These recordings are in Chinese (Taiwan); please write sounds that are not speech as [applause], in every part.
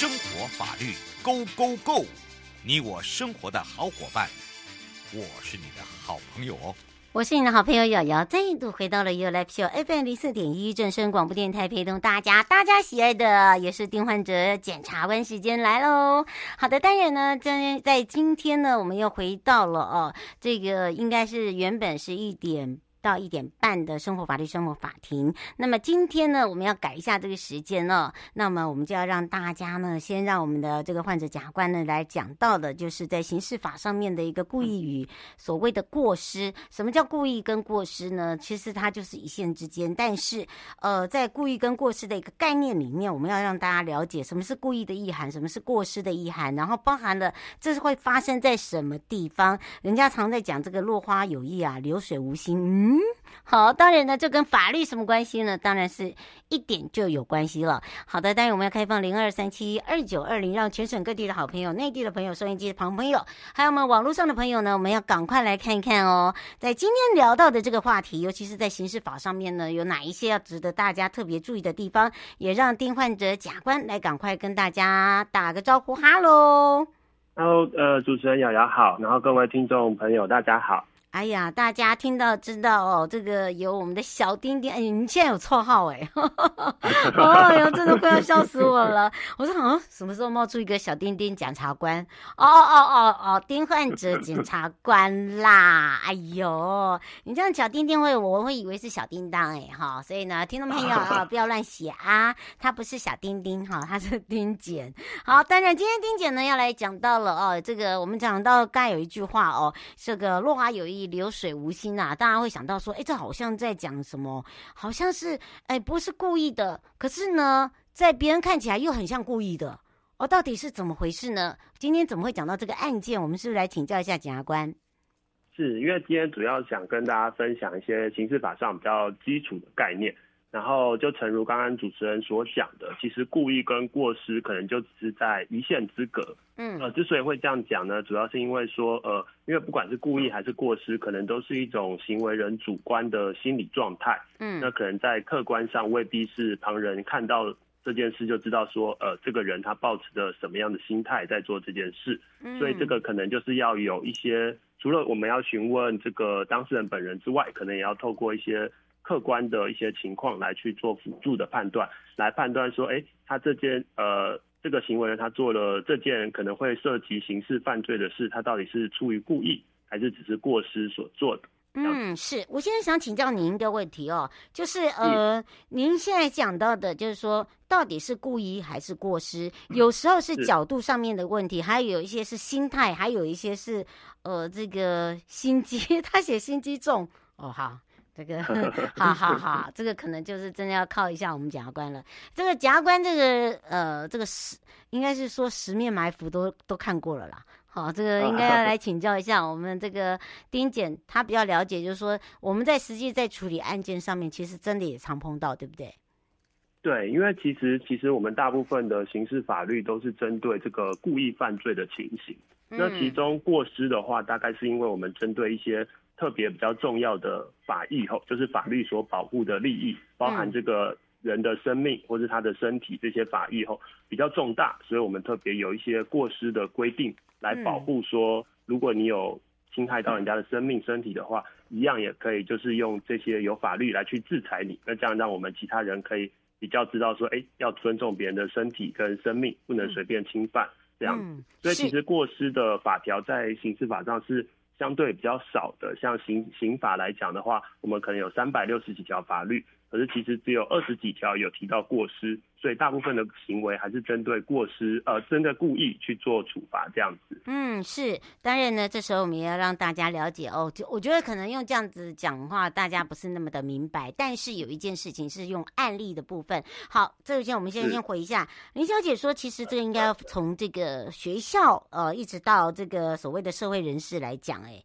生活法律 Go Go Go，你我生活的好夥伴，我是你的好朋友哦。我是你的好朋友瑤瑤，再一度回到了 You Like Show FM 一〇四點一正聲廣播電台，陪同大家，大家喜愛的也是丁煥哲檢察官時間來嘍。好的，當然呢，在今天呢，我們又回到了哦，這個應該是原本是一點。到一點半的生活法律生活法庭。那麼今天呢，我們要改一下這個時間哦。那麼我們就要讓大家呢，先讓我們的這個煥哲檢察官呢來講到的，就是在刑事法上面的一個故意與所謂的過失。什麼叫故意跟過失呢？其實它就是一線之間。但是，呃，在故意跟過失的一個概念裡面，我們要讓大家了解什麼是故意的意涵，什麼是過失的意涵，然後包含了，這是會發生在什麼地方。人家常在講這個“落花有意啊，流水無心”。嗯。嗯，好，當然呢，這跟法律什麼關係呢？當然是一點就有關係了。好的，當然我們要開放零二三七二九二零，讓全省各地的好朋友、內地的朋友、收音機的旁朋友，還有我們網絡上的朋友呢，我們要趕快來看一看哦、喔。在今天聊到的這個話題，尤其是在刑事法上面呢，有哪一些要值得大家特別注意的地方？也讓丁煥哲檢察官來趕快跟大家打個招呼哈，哈嘍，哈嘍，呃，主持人瑤瑤好，然後各位聽眾朋友大家好。哎呀，大家聽到知道哦，這個有我們的小丁丁。哎，你現在有綽號哎、欸，哦喲、呃，真的快要笑死我了。我說，嗯、哦，什麼時候冒出一個小丁丁檢察官？哦哦哦哦，丁煥哲檢察官啦！哎呦，你這樣小丁丁會，我會以為是小叮當哎哈。所以呢，聽眾朋友啊，不要亂寫啊，他不是小丁丁哈，他是丁檢。好、哦，當然今天丁檢呢要來講到了哦，這個我們講到剛才有一句話哦，這個落花有意。流水無心啊，大家會想到說，哎、欸，這好像在講什麼？好像是，哎、欸，不是故意的。可是呢，在別人看起來又很像故意的。哦，到底是怎麼回事呢？今天怎麼會講到這個案件？我們是不是來請教一下檢察官？是，因為今天主要想跟大家分享一些刑事法上比較基礎的概念。然後就誠如剛剛主持人所想的，其實故意跟過失可能就只是在一線之隔。嗯，呃，之所以會這樣講呢，主要是因為說，呃，因為不管是故意還是過失，可能都是一種行為人主觀的心理狀態。嗯，那可能在客觀上未必是旁人看到這件事就知道說，呃，這個人他抱持着什麼樣的心態在做這件事。所以這個可能就是要有一些，除了我們要詢問這個當事人本人之外，可能也要透過一些。客觀的一些情況來去做輔助的判斷，來判斷說，哎、欸，他這件呃這個行為呢，他做了這件可能會涉及刑事犯罪的事，他到底是出於故意還是只是過失所做的？嗯，是。我現在想請教您一個問題哦，就是呃，是您現在講到的就是說，到底是故意還是過失？有時候是角度上面的問題，是還有一些是心態，還有一些是呃這個心機。 [laughs] 他寫心機重哦，好。這個 [laughs] 好好好， [laughs] 這個可能就是真的要靠一下我們檢察官了。這個檢察官，這個呃，這個十應該是說十面埋伏都都看過了啦。好，這個應該要來請教一下我們這個丁檢，他比較了解，就是說我們在實際在處理案件上面，其實真的也常碰到，對不對？對，因為其實其實我們大部分的刑事法律都是針對這個故意犯罪的情形，嗯、那其中過失的話，大概是因為我們針對一些。特別比較重要的法益，就是法律所保護的利益，包含這個人的生命或者他的身體這些法益比較重大，所以我們特別有一些過失的規定來保護，說如果你有侵害到人家的生命、身體的話，一樣也可以就是用這些有法律來去制裁你。那這樣讓我們其他人可以比較知道說，哎、欸，要尊重別人的身體跟生命，不能隨便侵犯這樣。嗯、所以其實過失的法條在刑事法上是。相對比較少的，像刑刑法來講的話，我們可能有三百六十幾條法律，可是其實只有二十幾條有提到過失，所以大部分的行為還是針對過失，呃，針對故意去做處罰這樣子。嗯，是，當然呢，這時候我們也要讓大家了解哦，就我覺得可能用這樣子講話，大家不是那麼的明白。但是有一件事情是用案例的部分。好，這首先我們先先回一下是林小姐說，其實這個應該要從這個學校，呃，一直到這個所謂的社會人士來講，欸，誒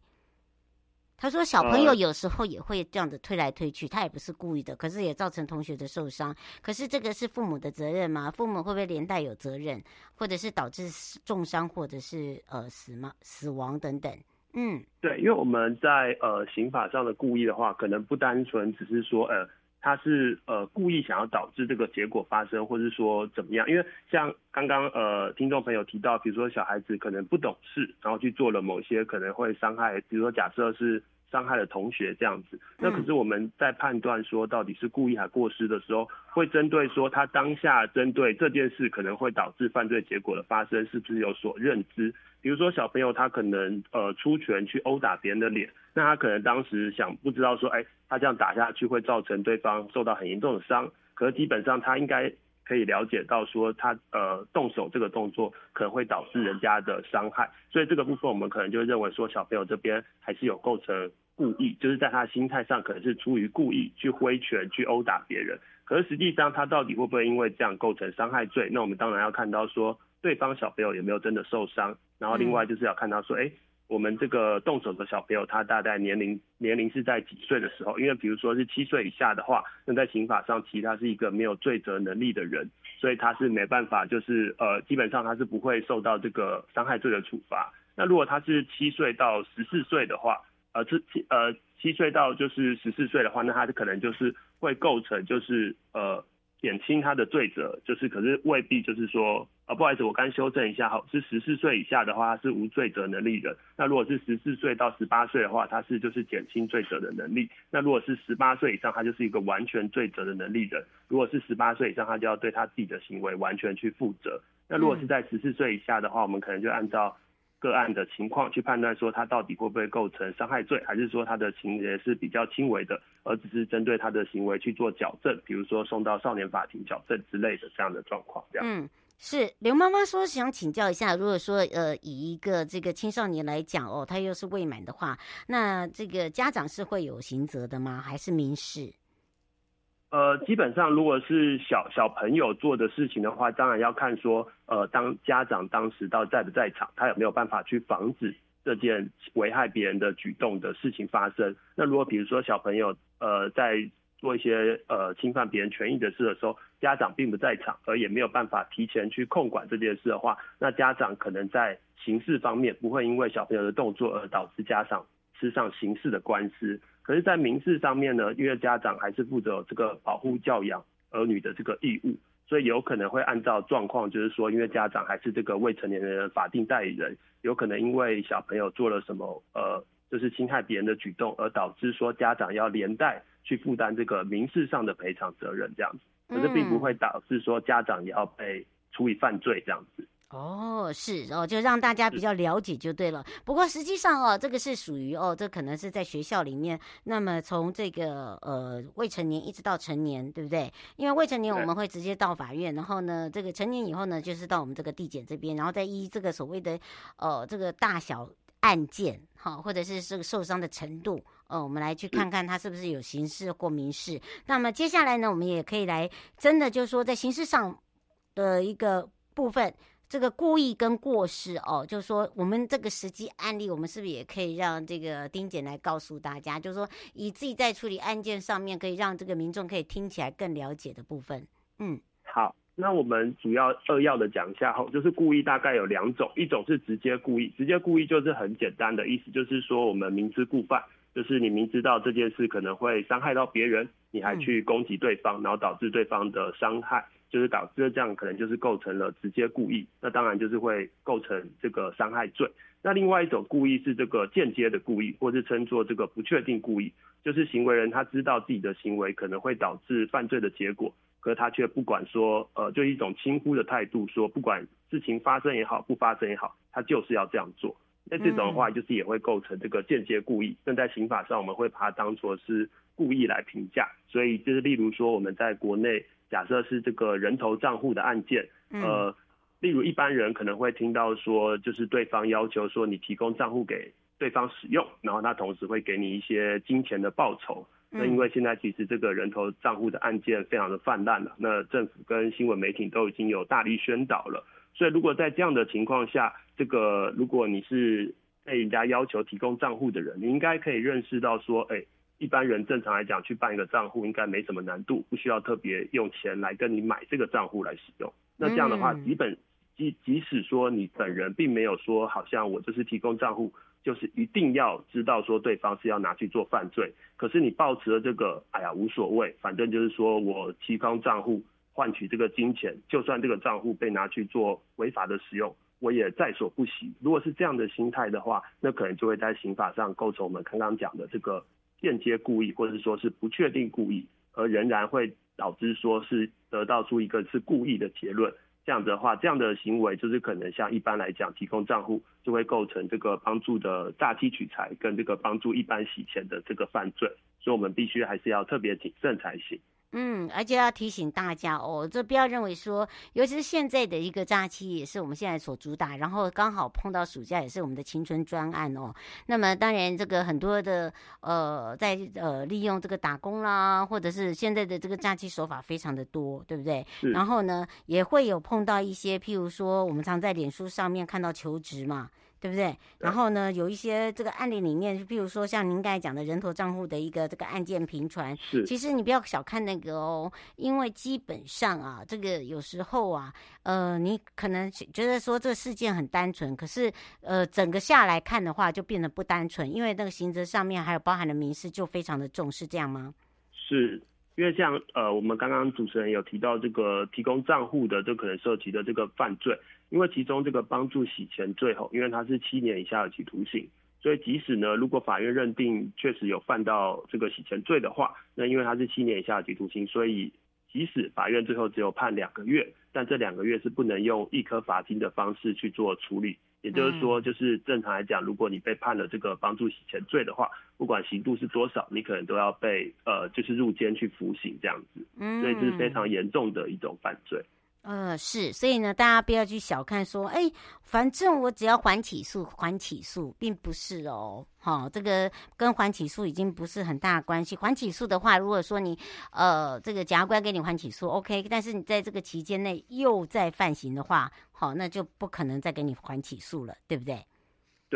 他說：“小朋友有時候也會這樣子推來推去，呃、他也不是故意的，可是也造成同學的受傷。可是這個是父母的責任嗎？父母會不會連帶有責任，或者是導致重傷，或者是呃死亡、死亡等等？”嗯，對，因為我們在呃刑法上的故意的話，可能不單純只是說呃。他是呃故意想要導致這個結果發生，或者說怎麼樣？因為像剛剛呃聽眾朋友提到，比如說小孩子可能不懂事，然後去做了某些可能會傷害，比如說假設是。傷害了同學這樣子，那可是我們在判斷說到底是故意還過失的時候，會針對說他當下針對這件事可能會導致犯罪結果的發生，是不是有所認知？比如說小朋友他可能呃出拳去毆打別人的臉，那他可能當時想不知道說，哎、欸，他這樣打下去會造成對方受到很嚴重的傷，可是基本上他應該。可以了解到說他呃動手這個動作可能會導致人家的傷害，所以這個部分我們可能就認為說小朋友這邊還是有構成故意，就是在他心態上可能是出於故意去揮拳去毆打別人，可是實際上他到底會不會因為這樣構成傷害罪？那我們當然要看到說對方小朋友有沒有真的受傷，然後另外就是要看到說誒。我們這個動手的小朋友，他大概年齡年齡是在幾歲的時候？因為比如說是七歲以下的話，那在刑法上其實他是一個沒有罪責能力的人，所以他是沒辦法，就是呃，基本上他是不會受到這個傷害罪的處罰。那如果他是七歲到十四歲的話，呃，七呃七歲到就是十四歲的話，那他可能就是會構成就是呃。減輕他的罪責，就是可是未必就是說，呃、啊，不好意思，我剛修正一下，好，是十四歲以下的話，他是無罪責能力人。那如果是十四歲到十八歲的話，他是就是減輕罪責的能力。那如果是十八歲以上，他就是一個完全罪責的能力人。如果是十八歲以上，他就要對他自己的行為完全去負責。那如果是在十四歲以下的話，嗯、我們可能就按照。個案的情況去判斷，說他到底會不會構成傷害罪，還是說他的情節是比較輕微的，而只是針對他的行為去做矯正，比如說送到少年法庭矯正之類的這樣的狀況。這樣，嗯，是劉媽媽說想請教一下，如果說呃以一個這個青少年來講哦，他又是未滿的話，那這個家長是會有刑責的嗎？還是民事？呃，基本上如果是小小朋友做的事情的話，當然要看說，呃，當家長當時到底在不在場，他有沒有辦法去防止這件危害別人的舉動的事情發生。那如果比如說小朋友呃在做一些呃侵犯別人權益的事的時候，家長並不在場，而也沒有辦法提前去控管這件事的話，那家長可能在刑事方面不會因為小朋友的動作而導致家長吃上刑事的官司，可是，在民事上面呢，因為家長還是負責這個保護教養兒女的這個義務，所以有可能會按照狀況，就是說，因為家長還是這個未成年人的法定代理人，有可能因為小朋友做了什麼，呃，就是侵害別人的舉動，而導致說家長要連帶去負擔這個民事上的賠償責任這樣子。可是，並不會導致說家長也要被處以犯罪這樣子。哦，是哦，就讓大家比較了解就對了。不過實際上哦，這個是屬於哦，這可能是在學校裡面。那麼從這個呃未成年一直到成年，對不對？因為未成年我們會直接到法院，然後呢，這個成年以後呢，就是到我們這個地檢這邊，然後再依這個所謂的哦、呃，這個大小案件哈、哦，或者是這個受傷的程度，哦、呃，我們來去看看他是不是有刑事或民事。那麼接下來呢，我們也可以來真的就是說在刑事上的一個部分。這個故意跟過失哦，就是說我們這個實際案例，我們是不是也可以讓這個丁檢來告訴大家，就是說以自己在處理案件上面，可以讓這個民眾可以聽起來更了解的部分。嗯，好，那我們主要扼要的講一下哈，就是故意大概有兩種，一種是直接故意，直接故意就是很簡單的意思，就是說我們明知故犯，就是你明知道這件事可能會傷害到別人，你還去攻擊對方，然後導致對方的傷害。就是導致這樣，可能就是構成了直接故意，那當然就是會構成這個傷害罪。那另外一種故意是這個間接的故意，或是稱作這個不確定故意，就是行為人他知道自己的行為可能會導致犯罪的結果，可是他卻不管說，呃，就一種輕忽的態度說，說不管事情發生也好，不發生也好，他就是要這樣做。那這種的話就是也會構成這個間接故意，但在刑法上我們會把它當作是故意來評價。所以就是例如說我們在國內。假設是這個人頭賬戶的案件，嗯、呃，例如一般人可能會聽到說，就是對方要求說你提供賬戶給對方使用，然後他同時會給你一些金錢的報酬。嗯、那因為現在其實這個人頭賬戶的案件非常的泛濫了，那政府跟新聞媒體都已經有大力宣導了，所以如果在這樣的情況下，這個如果你是被人家要求提供賬戶的人，你應該可以認識到說，哎、欸。一般人正常來講去辦一個賬戶應該沒什麼難度，不需要特別用錢來跟你買這個賬戶來使用。那這樣的話，基本，即即使說你本人並沒有說，好像我就是提供賬戶，就是一定要知道說對方是要拿去做犯罪。可是你抱持了這個，哎呀，無所謂，反正就是說我提供賬戶換取這個金錢，就算這個賬戶被拿去做違法的使用，我也在所不惜。如果是這樣的心態的話，那可能就會在刑法上構成我們剛剛講的這個。間接故意，或者說是不確定故意，而仍然會導致說是得到出一個是故意的結論。這樣子的話，這樣的行為就是可能像一般來講提供賬戶就會構成這個幫助的詐欺取財跟這個幫助一般洗錢的這個犯罪，所以我們必須還是要特別謹慎才行。嗯，而且要提醒大家哦，這不要認為說，尤其是現在的一個假期，也是我們現在所主打，然後剛好碰到暑假也是我們的青春專案哦。那麼當然，這個很多的呃，在呃利用這個打工啦，或者是現在的這個假期手法非常的多，對不對？是然後呢，也會有碰到一些，譬如說我們常在臉書上面看到求職嘛。對不對？然後呢，啊、有一些這個案例裡面，就比如說像您剛才講的人頭賬戶的一個這個案件頻傳，是，其實你不要小看那個哦，因為基本上啊，這個有時候啊，呃，你可能覺得說這個事件很單純，可是呃，整個下來看的話就變得不單純，因為那個刑責上面還有包含的民事就非常的重，是這樣嗎？是，因為像呃，我們剛剛主持人有提到這個提供賬戶的，就可能涉及的這個犯罪。因為其中這個幫助洗錢罪，後因為它是七年以下的有期徒刑，所以即使呢，如果法院認定確實有犯到這個洗錢罪的話，那因為它是七年以下的有期徒刑，所以即使法院最後只有判兩個月，但這兩個月是不能用易科罰金的方式去做處理。也就是說，就是正常來講，如果你被判了這個幫助洗錢罪的話，不管刑度是多少，你可能都要被呃就是入監去服刑這樣子。所以這是非常嚴重的一種犯罪。.呃，是，所以呢，大家不要去小看說，哎、欸，反正我只要緩起訴，緩起訴，並不是哦。好、哦，這個跟緩起訴已經不是很大關係。緩起訴的話，如果說你，呃，這個檢察官給你緩起訴，OK，但是你在這個期間內又再犯行的話，好、哦，那就不可能再給你緩起訴了，對不對？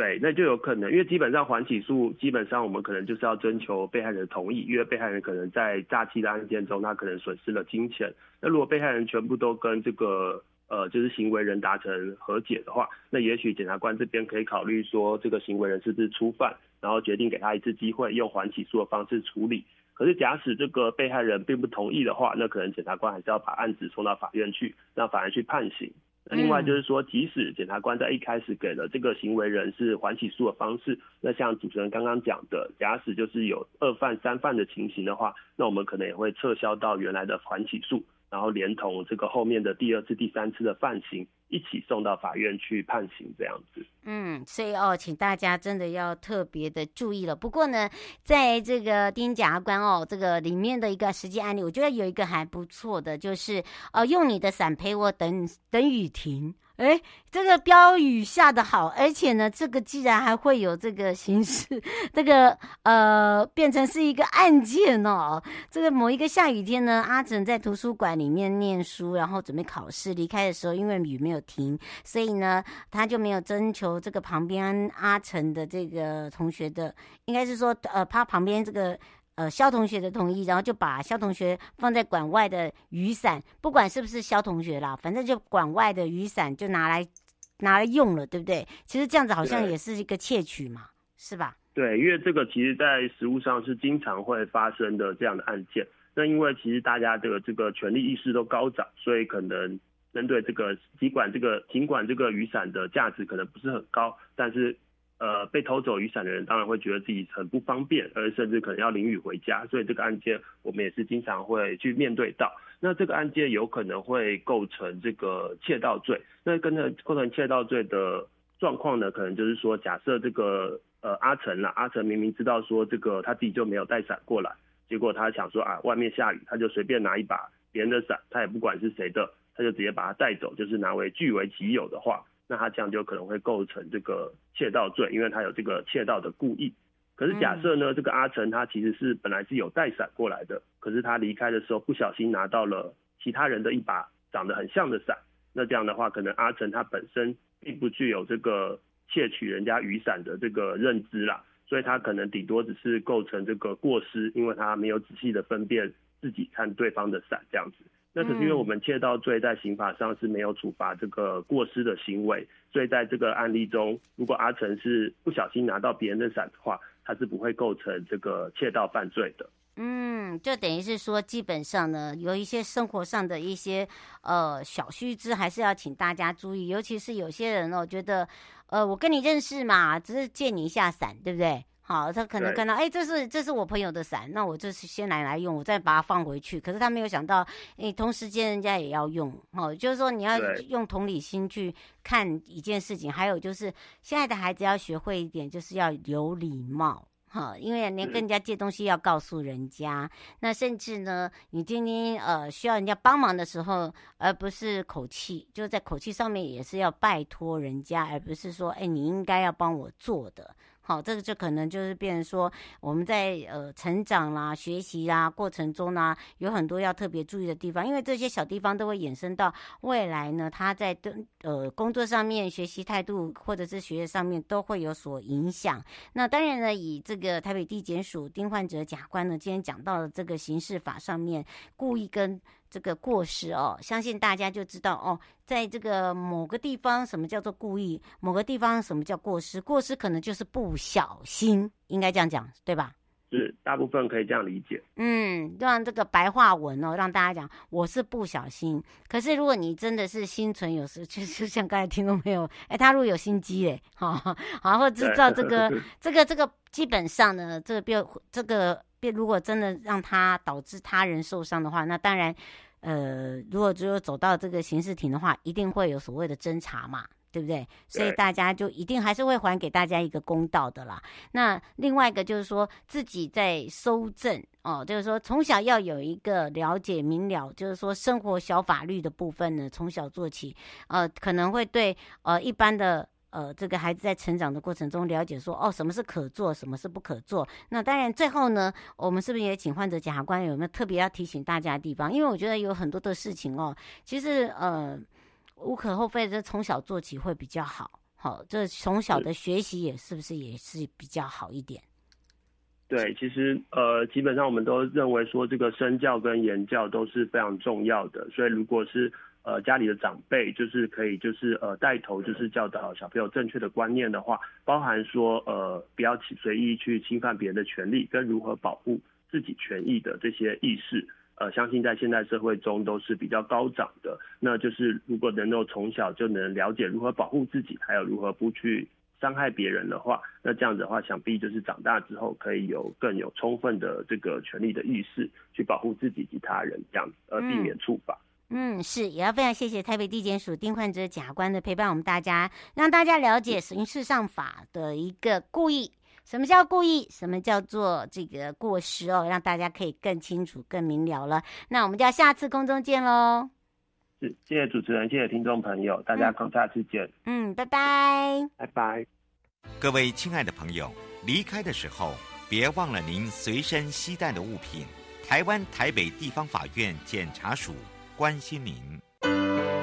對，那就有可能，因為基本上緩起訴，基本上我們可能就是要徵求被害人同意，因為被害人可能在詐欺的案件中，他可能損失了金錢。那如果被害人全部都跟這個呃，就是行為人達成和解的話，那也許檢察官這邊可以考慮說，這個行為人是不是初犯，然後決定給他一次機會，用緩起訴的方式處理。可是假使這個被害人並不同意的話，那可能檢察官還是要把案子送到法院去，讓法院去判刑。另外就是說，即使檢察官在一開始給了這個行為人是緩起訴的方式，那像主持人剛剛講的，假使就是有二犯三犯的情形的話，那我們可能也會撤銷到原來的緩起訴，然後連同這個後面的第二次、第三次的犯行。一起送到法院去判刑，這樣子。嗯，所以哦，請大家真的要特別的注意了。不過呢，在這個丁檢官哦，這個裡面的一個實際案例，我覺得有一個還不錯的，就是呃，用你的傘陪我等等雨停。哎，這個標語下得好，而且呢，這個既然還會有這個形式，這個呃，變成是一個案件哦。這個某一個下雨天呢，阿成在圖書館裡面念書，然後準備考試，離開的時候，因為雨沒有停，所以呢，他就沒有徵求這個旁邊阿成的這個同學的，應該是說呃，他旁邊這個。呃，肖同學的同意，然後就把肖同學放在館外的雨傘，不管是不是肖同學啦，反正就館外的雨傘就拿來拿來用了，對不對？其實這樣子好像也是一個竊取嘛，對 是吧？對，因為這個其實，在實務上是經常會發生的這樣的案件。那因為其實大家的這,這個權利意識都高漲，所以可能針對這個，儘管這個儘管這個雨傘的價值可能不是很高，但是。呃，被偷走雨傘的人當然會覺得自己很不方便，而甚至可能要淋雨回家，所以這個案件我們也是經常會去面對到。那這個案件有可能會構成這個竊盜罪。那跟着構成竊盜罪的狀況呢，可能就是說，假設這個呃阿成啦，阿成明明知道說這個他自己就沒有帶傘過來，結果他想說啊外面下雨，他就隨便拿一把別人的傘，他也不管是誰的，他就直接把它帶走，就是拿為據為己有的話。那他這樣就可能會構成這個竊盜罪，因為他有這個竊盜的故意。可是假設呢，嗯、這個阿成他其實是本來是有帶傘過來的，可是他離開的時候不小心拿到了其他人的一把長得很像的傘。那這樣的話，可能阿成他本身並不具有這個竊取人家雨傘的這個認知啦，所以他可能頂多只是構成這個過失，因為他沒有仔細的分辨自己看對方的傘這樣子。那只是因為我們竊盜罪在刑法上是沒有處罰這個過失的行為，所以在這個案例中，如果阿成是不小心拿到別人的傘的話，他是不會構成這個竊盜犯罪的。嗯，就等於是說，基本上呢，有一些生活上的一些呃小須知，還是要請大家注意，尤其是有些人哦，覺得呃我跟你認識嘛，只是借你一下傘，對不對？好，他可能看到，對哎，這是這是我朋友的傘，那我就是先拿來，來用，我再把它放回去。可是他沒有想到，哎，同時間人家也要用。好、哦，就是說你要用同理心去看一件事情。對還有就是，現在的孩子要學會一點，就是要有禮貌。哈、哦，因為你跟人家借東西要告訴人家。嗯、那甚至呢，你今天呃需要人家幫忙的時候，而不是口氣，就是在口氣上面也是要拜托人家，而不是說，哎，你應該要幫我做的。好，這個就可能就是變成說我們在呃成長啦、學習啦過程中呢，有很多要特別注意的地方，因為這些小地方都會衍生到未來呢，他在登呃工作上面、學習態度或者是學業上面都會有所影響。那當然呢，以這個台北地檢署丁煥哲檢察官呢，今天講到的這個刑事法上面故意跟這個過失哦，相信大家就知道哦，在這個某個地方什麼叫做故意，某個地方什麼叫過失，過失可能就是不小心，應該這樣講，對吧？是，大部分可以這樣理解。嗯，讓這個白話文哦，讓大家講，我是不小心。可是如果你真的是心存有事，就是像剛才聽眾朋友，哎、欸，他如果有心機哎，好，然後製造這個、這個、這個，基本上呢，這個變、這個變，如果真的讓他導致他人受傷的話，那當然，呃，如果只有走到這個刑事庭的話，一定會有所謂的偵查嘛。對不對？所以大家就一定還是會還給大家一個公道的啦。那另外一個就是說，自己在蒐證哦，就是說從小要有一個了解明了，就是說生活小法律的部分呢，從小做起。呃，可能會對呃一般的呃這個孩子在成長的過程中，了解說哦，什麼是可做，什麼是不可做。那當然最後呢，我們是不是也請煥哲檢察官有沒有特別要提醒大家的地方？因為我覺得有很多的事情哦，其實呃。無可厚非，這從小做起會比較好。好，這從小的學習也是不是也是比較好一點？對，其實呃，基本上我們都認為說這個身教跟言教都是非常重要的。所以如果是呃家裡的長輩，就是可以就是呃帶頭，就是教導小朋友正確的觀念的話，包含說呃不要隨意去侵犯別人的權利，跟如何保護自己權益的這些意識。呃，相信在現代社會中都是比較高漲的。那就是如果能夠從小就能了解如何保護自己，還有如何不去傷害別人的話，那這樣子的話，想必就是長大之後可以有更有充分的這個權利的意識，去保護自己及他人，這樣呃避免處罰，嗯。嗯，是，也要非常謝謝台北地檢署丁煥哲檢察官的陪伴，我們大家讓大家了解刑事上法的一個故意。嗯嗯什麼叫故意？什麼叫做這個過失哦？讓大家可以更清楚、更明了了那我們就要下次空中見嘍。是，謝謝主持人，謝謝聽眾朋友，大家下次見。嗯，拜拜，拜拜。各位親愛的朋友，離開的時候別忘了您隨身攜帶的物品。台灣台北地方法院檢察署關心您。